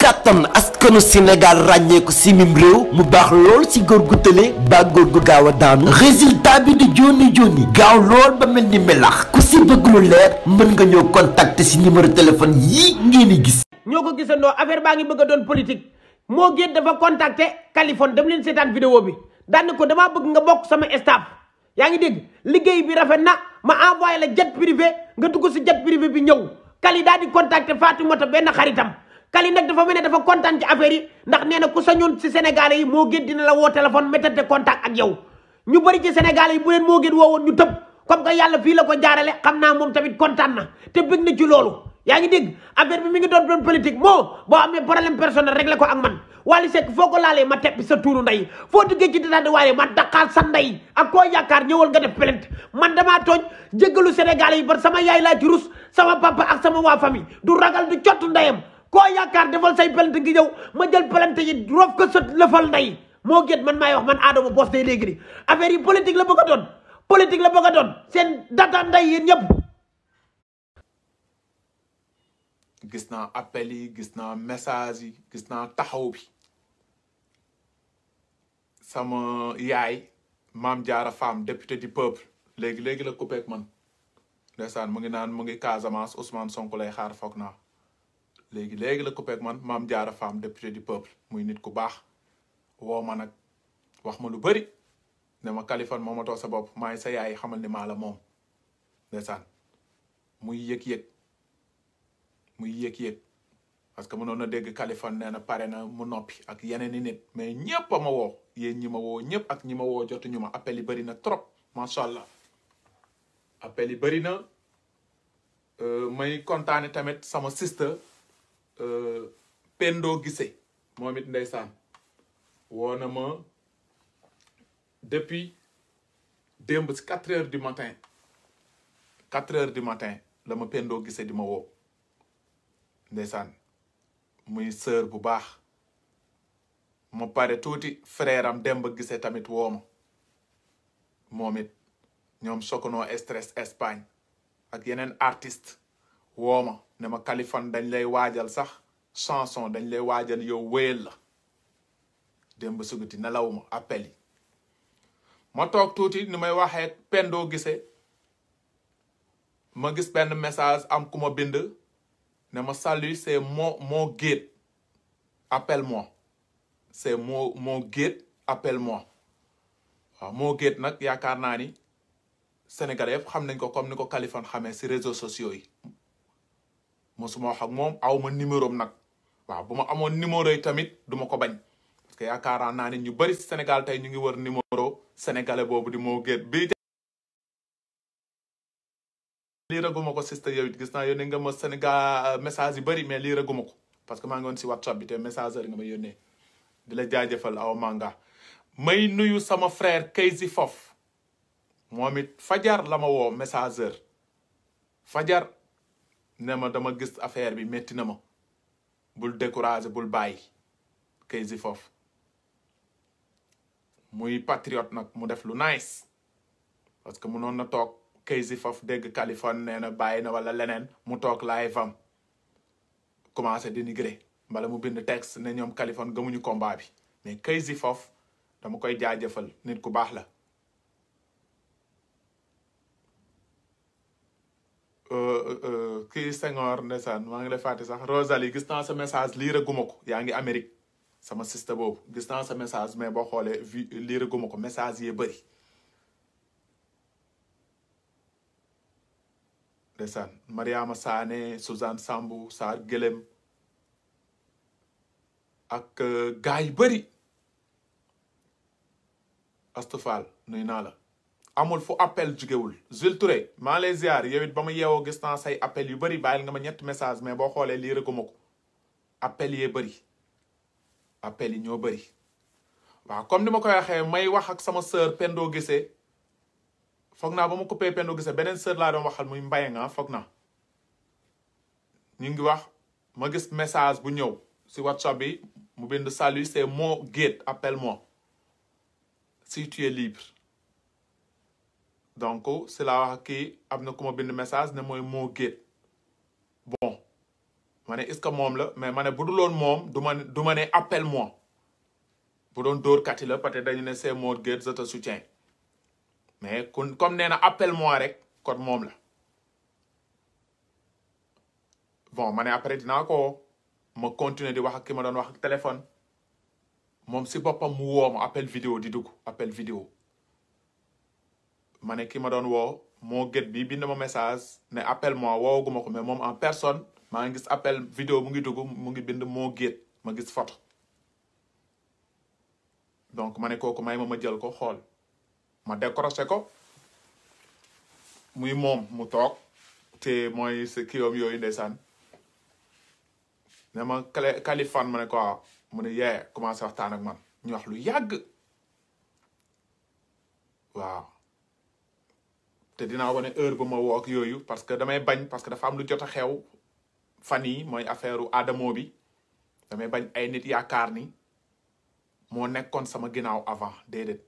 kàttan askanu Sénégal ràññeeku si mim réew mu baax lool si góor gu tële ba góor gu gaaw a daanu résultat bi di joni joni gaaw lool ba mel ni melax ku si bëgg lu leer mën nga ñëw contacter si numéro téléphone yii ngeen di gis. ñoo ko gisandoo affaire baa ngi bëgg a doon politique moo génn dafa contacter Kaliphone dem leen seetaan vidéo bi daan ko damaa bëgg nga bokk sama staff yaa ngi dégg liggéey bi rafet na ma envoyé la jet privé nga dugg si jet privé bi ñëw Kali daal di contacter Fatoumata benn xaritam. Kali nag dafa mel ne dafa kontaan ci affaire yi ndax nee na ku sañoon si Sénégalais yi moo gën dina la woo téléphone méttante contact ak yow ñu bëri ci Sénégalais yi bu leen moo gën woon ñu tëb comme que yàlla fii la ko jaarale xam naa moom tamit kontaan na te bëgg na ci loolu yaa ngi dégg affaire bi mi ngi doon doon politique moo boo amee problème personnel réglé ko am man Wally Seck foo ko laalee ma teppi sa tuuru ndey foo duggee ci dinaadi waaye ma daqaar sa ndey ak koo yaakaar ñëwal nga def plainte man damaa tooñ jéggalu Sénégalais yi ba sama yaay laa ci sama papa ak sama waa famille du ragal du cott ndeyam koo yaakaar defal say plainte gi ñëw ma jël plainte yi rof ko sët lëfal ndey moo gét man maay wax man Adama Boss day léegi ni affaire yi politique la bëgg a doon politique la bëgg a doon seen data ndey yéen ñëpp gis naa appel yi gis naa message yi gis naa taxaw bi sama yaay maam jaara femme député du peuple léegi léegi la coupé ak man ndeysaan mu ngi naan mu ngi Casamance Ousmane Sonko lay xaar foog naa léegi léegi la coupeek man maam jaara femme député du peuple muy nit ku baax woo ma nag wax ma lu bari ne ma Kaliphone moo ma too sa bopp maay sa yaay xamal ni maa la moom ndeysaan muy yëg-yëg muy yëg-yëg parce que mënoon na dégg Kaliphone ne na pare na mu noppi ak yeneen i nit mais ñépp ma woo yéen ñi ma woo ñëpp ak ñi ma woo jotuñu ma appel yi bëri na trop macha allah appel yi bëri na euh, may kontaane tamit sama sister Pendo gise moom it ndeysaan woo ma depuis démb si quatre heures du matin quatre heures du matin la ma Pendo Guissé di ma woo ndeysaan muy sœur bu baax ma pare tuuti frère am gise tamit woo ma ñoom Sokono Stress Espagne ak yeneen artiste woo ne ma Kaliphone dañ lay waajal sax chanson dañ lay waajal yow wéyal la démb suguti nelaw ma appel yi ma toog tuuti ni may waxee pendoo gisee ma gis benn message am ku ma bind ne ma salut c'est moo mon guide appelle-moi c'est mon mon guide waaw moo géet nag yaakaar naa ni Sénégalais yëpp xam nañ ko comme ni ko Kaliphone xamee si réseau sociaux yi mosuma wax ak moom aw ma numéro am nag waaw bu ma amoon numéro yi tamit du ma ko bañ parce que yaakaaraan naa ñu bëri Sénégal tey ñu ngi wër numéro sénégalais boobu di Mo Gates bii. lii raguma ko sista yow gis naa yónnee nga ma Sénégal euh, message yu bëri mais ko parce que maa ngi woon si WhatsApp bi te message nga ma yónnee di la jaajëfal aw manga may nuyu sama frère Kaysi Fof moom it fajar la ma woo messageur fajar. ne ma dama gis affaire bi metti na ma bul découragé bul bàyyi kay si foofu muy patriote nag mu def lu nice parce que munoon na toog kay si foofu dégg Californie nee na bàyyi na wala leneen mu toog live am commencé dénigrer mbala mu bind texte ne ñoom Californie gëmuñu combat bi mais kay si foofu dama koy jaajëfal nit ku baax la kii Senghor ndeysaan maa ngi lay fàtte sax Rosalie gis naa message liire guma ko yaa ngi Amérique sama sista boobu gis naa sa message mais boo xoolee vi liire guma ko message yee bëri ndeysaan Mariama Sané Suzanne Sambou Sarr Gélem ak euh, gars yi bëri Astoufal nuy naa la amul fu appel jugewul jultre Touré maa ngi lay ba mu yeewoo gis naa say appel yu bëri bàyyil nga ma ñett message mais boo xoolee lii rëgguma ko appel yee bëri appel yi ñoo bëri waaw comme ni ma koy waxee may wax ak sama sœur Pendo gisee foog naa ba ma coupé Pendo Guissé beneen sœur laa doon waxal muy Mbaye nga ah, foog naa ñu ngi wax ma gis message bu ñëw si WhatsApp bi mu bind salut moo mon guide appelle-moi si libre donc si laa wax kii am na ku ma bind message ne mooy moo géet bon ma ne est-ce que moom la mais ma ne bu du loon moom du ma du ma ne appel moi bu doon dóorkat yi la peut-être dañu ne c'est moo géet je te mais kun comme nee na appel moi rek kon moom la bon ma ne après dinaa ko ma continuer di wax ak ki ma doon wax ak téléphone moom si boppam mu woo ma appel vidéo di dugg appel vidéo ma ne ki ma doon woo moo gét bi bind ma message ne appel moi woowaguma ko mais moom en personne maa ngis gis appel vidéo mu ngi dugg mu ngi bind moo gét ma gis photo donc ma ne kooku may ma ma jël ko xool ma décroché ko muy moom mu toog te mooy sa kiiwam yooyu ndeysaan ne ma Kaliphone ma ne ko waaw ah, mu ne yee commencé waxtaan man ñu wax lu yàgg waaw te dinaa wane heure bu ma wook yooyu parce que damay bañ parce que dafa am lu jota xew fan yi mooy affaire Adamo bi damay bañ ay nit yaakaar ni moo nekkoon sama ginnaaw avant déedéet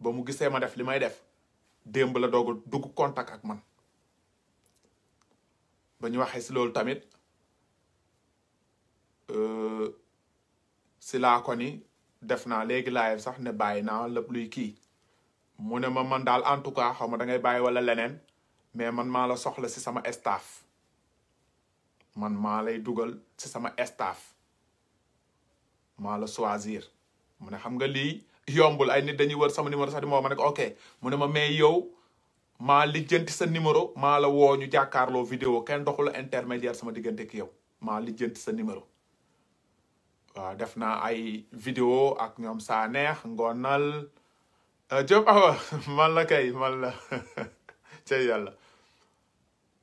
ba mu gisee ma def li may def démb la doog a dugg contact ak man ba ñu waxee si loolu tamit euh, si laa ko ni def naa léegi live sax ne bàyyi naa lépp luy kii mu ne ma man daal en tout cas xaw ma da ngay bàyyi wala leneen mais man maa la soxla si sama staff man maa lay dugal si sama staff maa la choisir mu ne xam nga lii yombul ay nit dañuy wër sama numéro sax di ma woo ma ko ok mu ne ma mais yow maa lijjanti sa numéro maa la woo ñu jàkkaarloo vidéo kenn doxul intermédiaire sama diggante ki yow maa lijjanti sa numéro waaw def naa ay vidéo ak ñoom saa neex ngonal Ah, Diop ah, Awa man la kay man la yàlla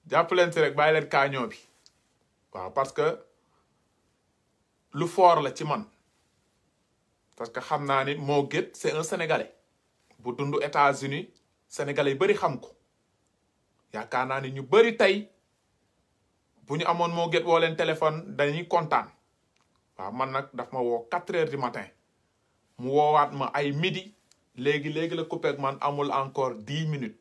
jàpp leen si rek bàyyi leen kaañoo bi waaw parce que lu fort la ci man parce que xam naa ni moo gét c'est un sénégalais bu dund États-Unis sénégalais yi bari xam ko yaakaar naa ni ñu bari tey bu ñu amoon moo gét woo leen téléphone dañuy kontaan waa man nag daf ma woo quatre heures du matin mu woowaat ma ay midi léegi léegi la coupé ak man amul encore dix minutes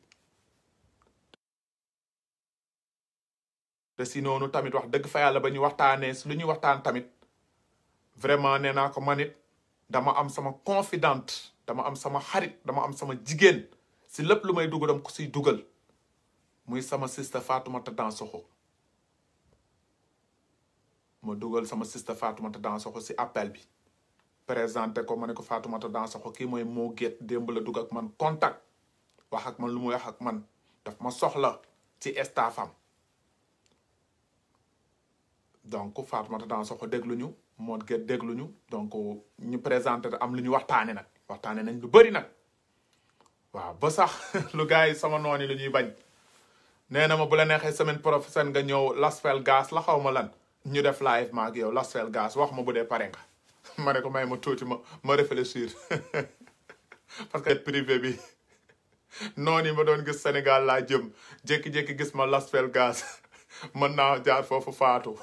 te si noonu tamit wax dëgg fa yàlla ba ñu waxtaanee lu ñuy waxtaan tamit vraiment nee naa ko man it dama am sama confidente dama am sama xarit dama am sama jigéen si lépp lu may dugal dama ko siy dugal muy sama sista Fatoumata Dansokho ma dugal sama sista Fatoumata Dansokho si appel bi présenté ko ma ne ko Fatoumata Dansoxo kii mooy moo géet démb la dugg ak man contact wax ak man lu muy wax ak man daf ma soxla ci estafam donc Fatoumata Dansoxo déglu ñu moo géet déglu ñu donc ñu présenté am lu ñu waxtaane nag waxtaane nañ lu bëri nag waaw ba sax lu gars yi sama noon yi lu ñuy bañ nee na ma bu la neexee semaine prochaine nga ñëw Las Vegas la xaw ma lan ñu def live ma ak yow Las Vegas wax ma bu dee pare nga ma ne ko may ma tuuti ma ma réfléchir parce que privé bi noonu yi ma doon gis Sénégal laa jëm jékki-jékki gis ma Las Vegas mën naa jaar foofu faatu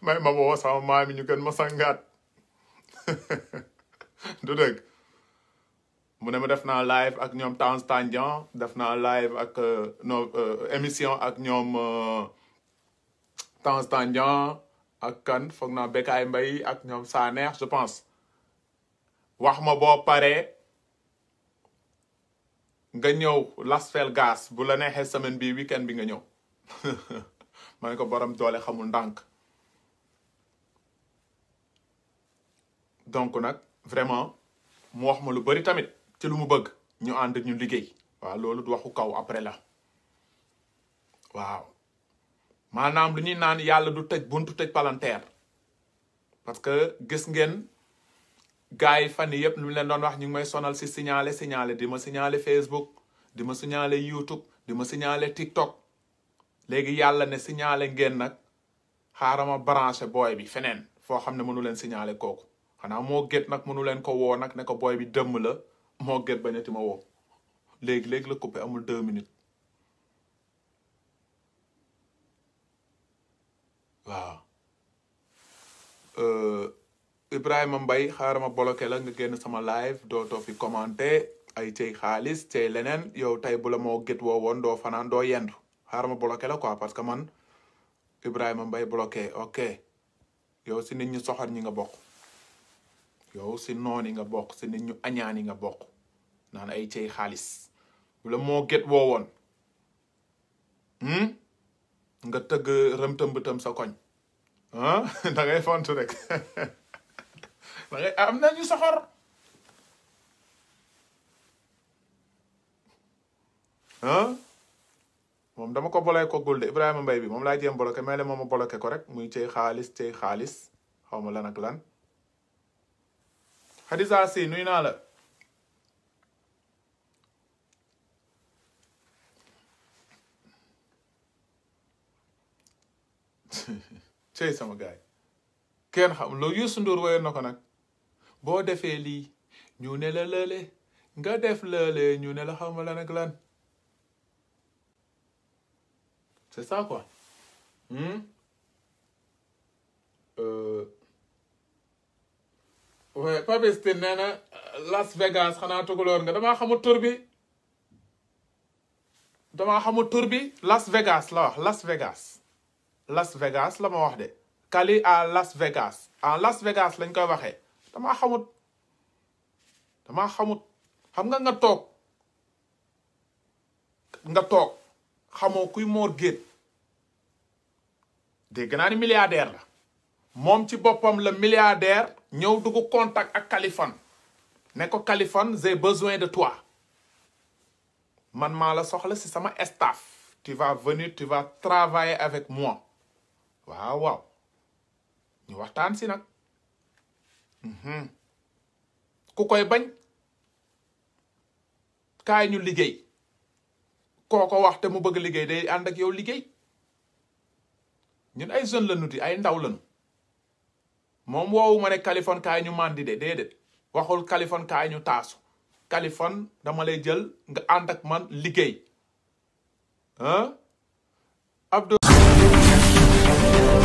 may ma woo sama maam yi ñu gën ma sangaat du dëgg mu ne ma def naa live ak ñoom Tange Tandian def naa live ak euh, euh, émission ak ñoom euh, Tange Tandian ak kan foog naa Bécaye Mbaye ak ñoom Sanex je pense wax ma boo paree nga ñëw Las Vegas bu la neexee semaine bii weekend bi nga ñëw ma ne ko borom doole xamul ndànk donc nag vraiment mu wax ma lu bari tamit ci lu mu bëgg ñu ànd ñu liggéey waaw loolu du waxu kaw après la waaw maanaam lu ñuy naan yàlla du tëj buntu tëj palanteer parce que gis ngeen gars yi fan yëpp lu leen doon wax ñu ngi may sonal si signale signale di ma signaler Facebook di ma signaler YouTube di ma signaler TikTok léegi yàlla ne signaler ngeen nag xaaral ma branché booy bi feneen foo xam ne mënu leen signaler kooku xanaa moo gét nag mënu leen ko woo nag ne ko booy bi dëmm la moo gét bañati ma woo léegi léegi la coupé amul deux minutes. waaw euh, Ibrahima Mbaye xaaral ma bloqué la nga génn sama live doo too fi commenté ay cey xaalis cey leneen yow tey bu moo gét woo woon doo fanaan doo yendu xaaral ma bloqué la quoi parce que man Ibrahima mbay bloqué ok yow si nit ñu soxar ñi nga bokk yow si noon yi nga bokk si nit ñu añaan yi nga bokk naan ay cey xaalis bu la moo gét woo woon hmm? nga tëgg rëmtëmbëtëm sa koñ ah da ngay fontu rek da am na ñu soxor ah moom dama ko boloke ko gul de Ibrahima mbay bi moom laa jéem boloke mais moom ma boloke ko rek muy cey xaalis cey xaalis xaw ma lan ak lan si nuy naa la cey sama gaay kenn xam loolu Youssou Ndour woyoon na ko nag boo defee lii ñu ne la lële nga def lële ñu ne la xaw la lan ak lan c'est ça quoi hmm? euh... ouais, Papiste nee na Las Vegas xanaa tuguloor nga damaa xamul tur bi damaa xamul tur bi Las Vegas la wax Las Vegas Las Vegas la ma wax de Kali à Las Vegas en Las Vegas lañ koy waxe damaa xamut damaa xamut xam nga nga toog nga toog xamoo kuy Mor Guèye dégg naa ni milliardaire la moom ci boppam la milliardaire ñëw dugg contact ak Kaliphone ne ko Kaliphone j'ai besoin de toi man maa la soxla si sama staff tu vas venir tu vas travailler avec moi waaw waaw ñu waxtaan si nag mhm. ku koy bañ kaay ñu liggéey koo ko wax te mu bëgg liggéey day ànd ak yow liggéey ñun ay jeune la nuti ay ndaw lañu moom woowu ne Kaliphone kaay ñu mandi de déedéet waxul Kaliphone kaay ñu taasu kalifon dama lay jël nga ànd ak man liggéey ah Thank you.